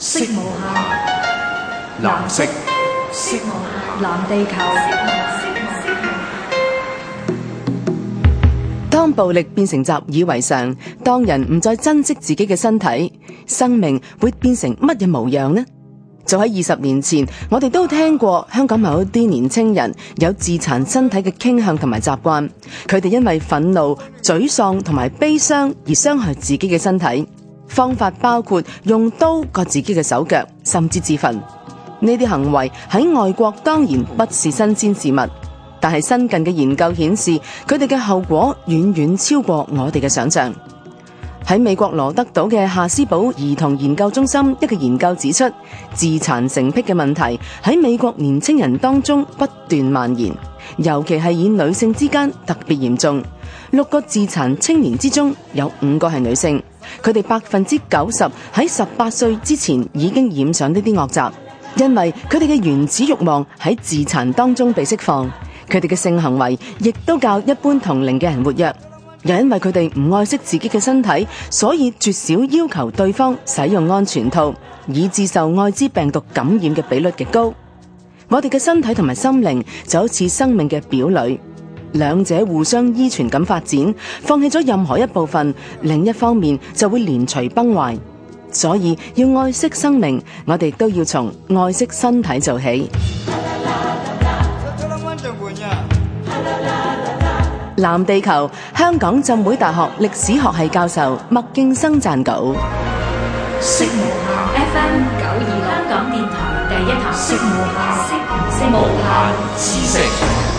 色無限，藍色，藍色無限，藍地球。地球當暴力變成習以為常，當人唔再珍惜自己嘅身體，生命會變成乜嘢模樣呢？就喺二十年前，我哋都聽過香港某一啲年青人有自殘身體嘅傾向同埋習慣，佢哋因為憤怒、沮喪同埋悲傷而傷害自己嘅身體。方法包括用刀割自己嘅手腳，甚至自焚。呢啲行為喺外國當然不是新鮮事物，但係新近嘅研究顯示，佢哋嘅後果遠遠超過我哋嘅想象。喺美國羅德島嘅夏斯堡兒童研究中心，一個研究指出，自殘成癖嘅問題喺美國年青人當中不斷蔓延，尤其係以女性之間特別嚴重。六個自殘青年之中，有五個係女性。佢哋百分之九十喺十八歲之前已經染上呢啲惡習，因為佢哋嘅原始欲望喺自殘當中被釋放，佢哋嘅性行為亦都較一般同齡嘅人活躍，又因為佢哋唔愛惜自己嘅身體，所以絕少要求對方使用安全套，以致受艾滋病毒感染嘅比率極高。我哋嘅身體同埋心靈就好似生命嘅表裏。兩者互相依存咁發展，放棄咗任何一部分，另一方面就會連隨崩壞。所以要愛惜生命，我哋都要從愛惜身體做起。藍地球，香港浸會大學歷史學系教授麥勁生撰稿：識無限 FM 九二六香港電台第一台識無限識識無限知識。